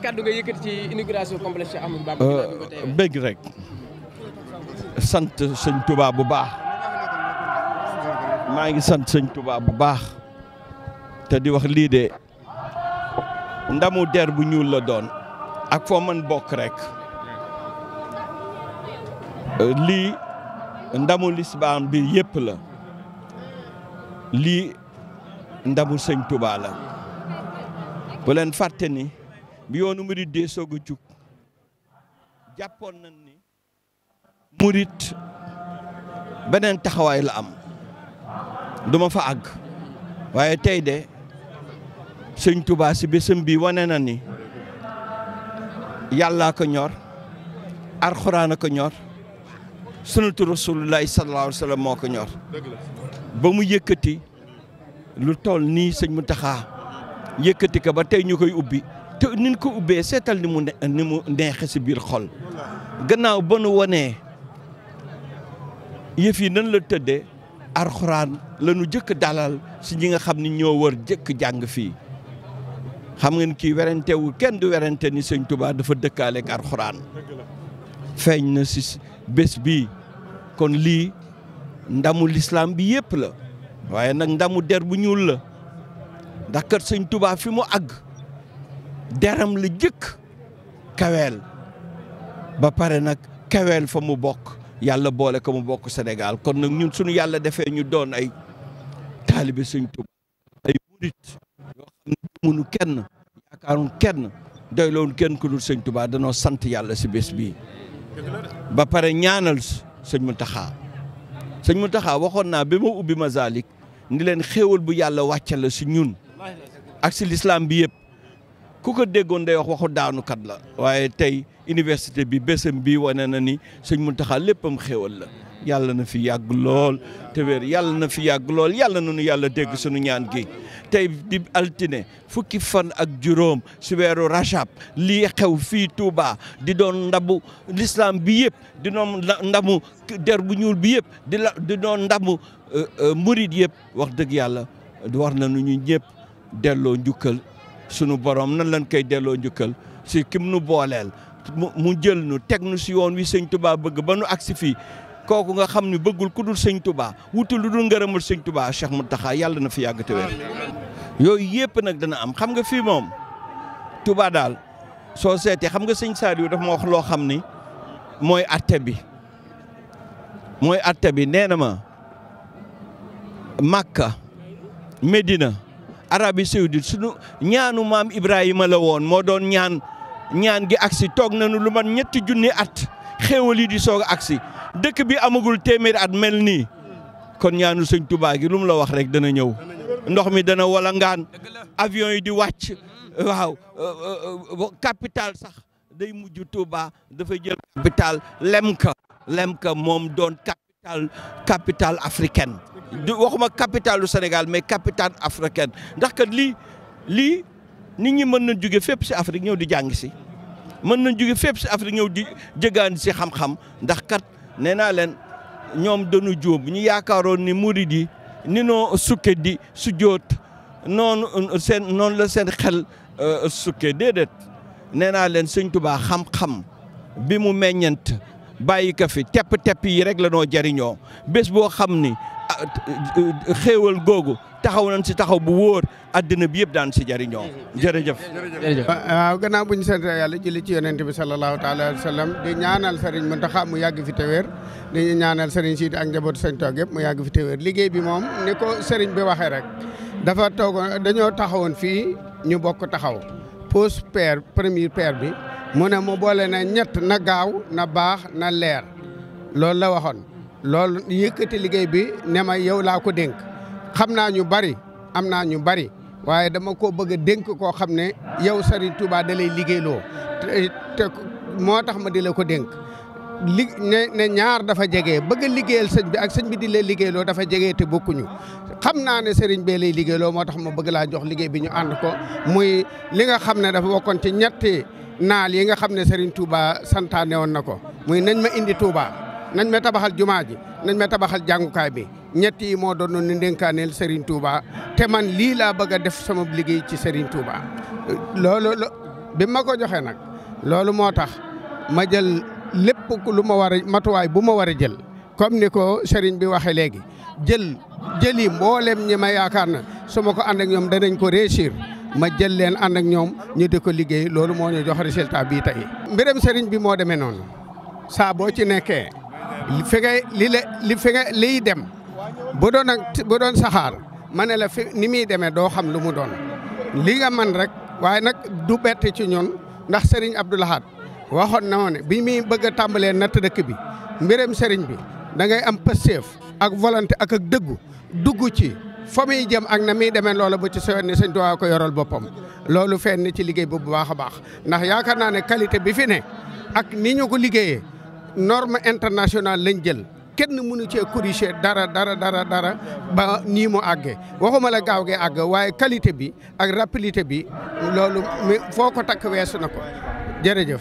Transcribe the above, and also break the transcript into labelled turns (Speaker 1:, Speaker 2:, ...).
Speaker 1: ban kàddu ci inauguration complexe Cheikh Ahmadou
Speaker 2: Bamba. Euh, rek sant sëñ Touba bu baax maa ngi sant sëñ Touba bu baax te di wax lii de ndamu der bu ñuul la doon ak foo man bokk rek euh, lii ndamu lisbaam bi yépp la lii ndamu sëñ Touba la bu leen fàtte ni. bi yoonu murit dee soog a jug jàppoon nañ ni murit beneen taxawaay la am duma fa àgg waaye tey de sëñ Tuubaa si bésam bi wane na ni yàllaa ko ñor alxuraan a ko ñor sunatu rasulullahi sallallahu alayhi moo ko ñor ba mu yëkkati lu tool nii sëñ taxaa yëkkati ko ba tey ñu koy ubbi te niñ ko ubbee seetal ni mu ni mu neexe si biir xol gannaaw ba nu wonee yëf yi nan la tëdde alxuraan lanu nu jëkk dalal si ñi nga xam ni ñoo war jëkk jàng fii xam ngeen kii werantewul kenn du werante ni sëñ tubaa dafa dëkkaaleeg arxuraan feeñ na si bés bii kon lii ndamu lislaam bi yépp la waaye nag ndamu der bu ñuul la ndax kat sëñ Tuubaa fi mu àgg deram la jëkk kaweel ba pare nag kaweel fa mu bokk yàlla boole ko mu bokk Sénégal kon nag ñun suñu yàlla defee ñu doon ay taalibe Sëñ Tuubaa ay murit yoo xam ne munu kenn yaakaaroon kenn doyloon kenn ku dul Sëñ Tuubaa danoo sant yàlla si bés bii ba pare ñaanal Sëñ Muntaxaa Sëñ Muntaxaa waxoon naa bi ma ubbi Mazaalik ni leen xéewal bu yàlla wàcce la si ñun ak si lislaam bi yëpp ku ko déggoon day wax waxu daanukat la waaye tey université bi bésam bi wane na ni sëñ Muntaxa léppam xéewal la yàlla na fi yàgg lool te wér yàlla na fi yàgg lool yàlla na nu yàlla dégg suñu ñaan gi tey di altine fukki fan ak juróom si weeru rajab lii xew fii Touba di doon ndamu l'islam bi yëpp di doon ndamu der bu ñuul bi yëpp di di doon ndamu euh, euh, murid yëpp wax dëgg yàlla war na nu ñu ñëpp delloo njukkal sunu borom nan lañ koy delloo njukkal si kim nu booleel mu jël nu teg nu si yoon wi sëñ tubaa bëgg ba nu agsi fii kooku nga xam ni bëggul ku dul sëñ tubaa wutu lu dul ngërëmul sëñ Touba Cheikh Mountakha yàlla na fi yàgg te wér yooyu yëpp nag dana am xam nga fii moom tubaa daal soo seetee xam nga sëñ Saliou daf moo wax loo xam ni mooy atte bi mooy atte bi nee na ma Makka Medina. Arabie Saoudite sunu ñaanu maam Ibrahima la woon moo doon ñaan ñaan gi agsi toog nañu lu man ñetti junni at xéewal yi di soog agsi dëkk bi amagul téeméeri at mel nii kon ñaanu sëñ Tuubaa gi lu mu la wax rek dana ñëw ndox mi dana wala ngaan avion yi di wàcc waaw euh, euh, euh, capital sax day mujj Tuubaa dafa jël capital Lemka Lemka moom doon kat capitale africaine waxuma capitale du Sénégal mais capitale africaine ndax kat lii lii nit ñi mën nañ jóge fépp si Afrique ñëw di jàng si mën nañ jóge fépp si Afrique ñëw di jëgaan si xam-xam ndax kat nee naa leen ñoom dañu jóob ñu yaakaaroon ni murid yi ni noo sukke di su jóot noonu la seen xel euh, sukke déedéet nee naa leen Sëñ Tuubaa xam-xam bi mu meññent bàyyi ko fi tepp-tepp yi rek la noo jariñoo bés boo xam ni ah, xéewal googu taxaw nañ si taxaw bu wóor àddina bi yëpp daan si jariñoo
Speaker 1: jërëjëf waaw ah, ah, gannaaw bu ñu sant yàlla li ci yonente bi sallallahu taala alayhi wa sallam di ñaanal sëriñ Muntaxa mu yàgg fi téwéer di ñaanal sëriñ Siidi ak njaboot sëñ toog yëpp mu yàgg fi téwéer liggéey bi moom ni ko sëriñ bi waxee rek dafa toogoon dañoo taxawoon fii ñu bokk taxaw pose pierre première pierre bi mu ne mu boole na ñett na gaaw na baax na leer loolu la waxoon lool yëkkati liggéey bi ne ma yow laa ko dénk xam naa ñu bari am naa ñu bari waaye dama ko bëgg a dénk koo xam ne yow Serigne Touba da lay liggéeyloo te moo tax ma di la ko dénk li ne ñaar dafa jege bëgg a liggéeyal sëñ bi ak sëñ bi di la liggéeyloo dafa jege te bokkuñu xam naa ne Serigne be lay liggéeyloo moo tax ma bëgg laa jox liggéey bi ñu ànd ko muy li nga xam ne dafa wokkoon ci ñetti naal yi nga xam ne Serigne Touba santaane woon na ko muy nañ ma indi Touba nañ ma tabaxal jumaa ji nañ ma tabaxal jàngukaay bi ñett yi moo doon ni ndénkaaneel Serigne Touba te man lii laa bëgg a def sama liggéey ci Serigne Touba. loolu la bi ma ko joxee nag loolu moo tax ma jël lépp lu ma war a matuwaay bu ma war jël comme ni ko sëriñ bi waxee léegi jël jëli mboolem ñi ma yaakaar na su ma ko ànd ak ñoom danañ ko réussir. ma jël leen ànd ak ñoom ñu di ko liggéey loolu moo ñu jox résultat bii tey. mbiram sëriñ bi moo demee noonu saa boo ci nekkee li lii la li fi nga dem bu doon ak bu doon saxaar ma ne la fi ni muy demee doo xam lu mu doon li nga man rek waaye nag du bett ci ñun ndax sëriñ Abdoul Ahad waxoon na ma ne bi muy bëgg a tàmbalee natt dëkk bi mbiram sëriñ bi da am pësteef ak volonté ak ak dëggu dugg ci. fa muy jëm ak na muy demee loola bu ci soyoon ne sëñ Tuubaa ko yoral boppam loolu feeñ ci liggéey bu baax a baax ndax yaakaar naa ne qualité bi fi ne ak ni ñu ko liggéeyee norme internationale lañ jël kenn mënu cee corriger dara dara dara dara ba nii mu àggee waxuma la gaaw gee àgg waaye qualité bi ak rapidité bi loolu foo ko takk weesu na ko jërëjëf.